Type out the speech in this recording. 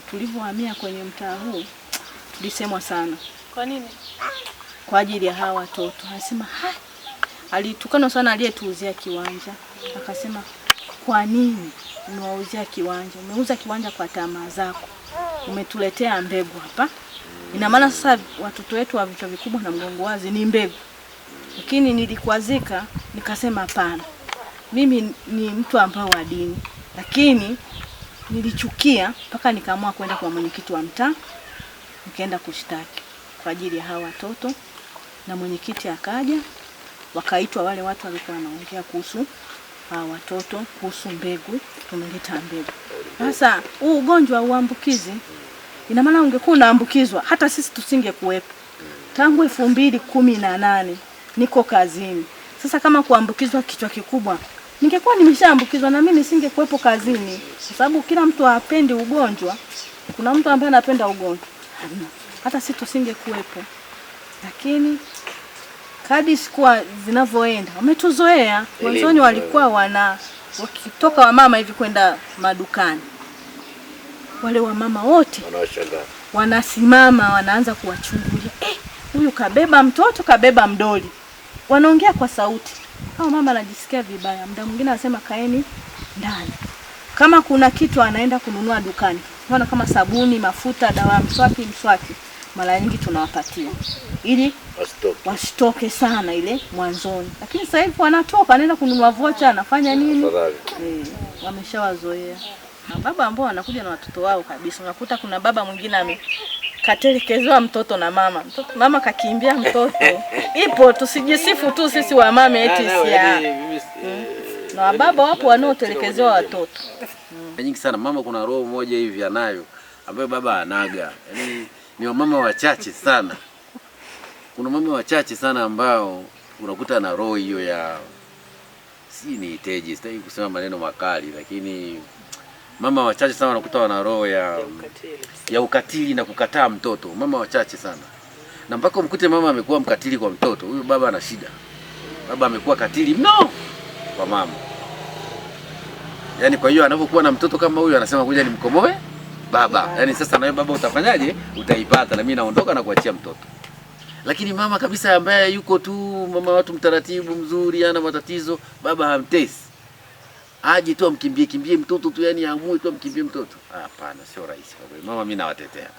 tulivyohamia kwenye mtaa huu tulisemwa sana. Kwa nini? Kwa ajili ya hawa watoto. Anasema ha, alitukanwa sana aliyetuuzia kiwanja, akasema kwa nini umewauzia kiwanja? Umeuza kiwanja kwa tamaa zako, umetuletea mbegu hapa. Ina maana sasa watoto wetu wa vichwa vikubwa na mgongo wazi ni mbegu. Lakini nilikwazika, nikasema hapana, mimi ni mtu ambaye wa dini, lakini nilichukia mpaka nikaamua kwenda kwa mwenyekiti wa mtaa, nikaenda kushtaki kwa ajili ya hawa watoto, na mwenyekiti akaja, wakaitwa wale watu walikuwa wanaongea kuhusu hawa watoto, kuhusu mbegu, tumeleta mbegu. Sasa huu ugonjwa uambukizi, ina maana ungekuwa unaambukizwa hata sisi tusinge kuwepo. Tangu elfu mbili kumi na nane niko kazini sasa, kama kuambukizwa kichwa kikubwa Ningekuwa nimeshaambukizwa na mimi nisingekuwepo kazini, kwa sababu kila mtu hapendi ugonjwa. Kuna mtu ambaye anapenda ugonjwa, hata sisi tusingekuwepo, lakini kadi sikuwa zinavyoenda wametuzoea. Mwanzoni walikuwa wana wakitoka wamama hivi kwenda madukani, wale wamama wote wanasimama wanaanza kuwachungulia, eh, huyu kabeba mtoto, kabeba mdoli, wanaongea kwa sauti kama mama anajisikia vibaya, mda mwingine anasema kaeni ndani. Kama kuna kitu anaenda kununua dukani, mfano kama sabuni, mafuta, dawa mswaki, mswaki mara nyingi tunawapatia ili wasitoke sana ile mwanzoni, lakini sasa hivi wanatoka, anaenda kununua vocha, anafanya nini e, wameshawazoea. Na baba ambao wanakuja na watoto wao kabisa, unakuta kuna baba mwingine ame katelekezwa mtoto na mama mtoto, mama kakimbia mtoto. Ipo, tusijisifu tu sisi wa mama ah, eti sia na wababa wapo wanaotelekezewa hmm. watoto hmm. nyingi sana. Mama kuna roho moja hivi anayo ambayo baba anaga, yaani ni wamama wachache sana. Kuna mama wachache sana ambao unakuta na roho hiyo ya si niiteje, sitaki kusema maneno makali lakini mama wachache sana wanakuta wana roho ya, ya, ya ukatili na kukataa mtoto, mama wachache sana, na mpaka umkute mama amekuwa mkatili kwa mtoto huyo, baba ana shida, baba amekuwa katili mno kwa mama. yaani kwa hiyo anapokuwa na mtoto kama huyo, anasema kuja nimkomoe baba, Yaani sasa nawe baba utafanyaje? Utaipata na mimi naondoka na kuachia mtoto. Lakini mama kabisa ambaye yuko tu mama watu mtaratibu mzuri, ana matatizo, baba hamtesi aje tu amkimbie kimbie mtoto tu, yani amue tu amkimbie mtoto? Hapana, sio rahisi kwa kweli. Mama, mimi nawatetea.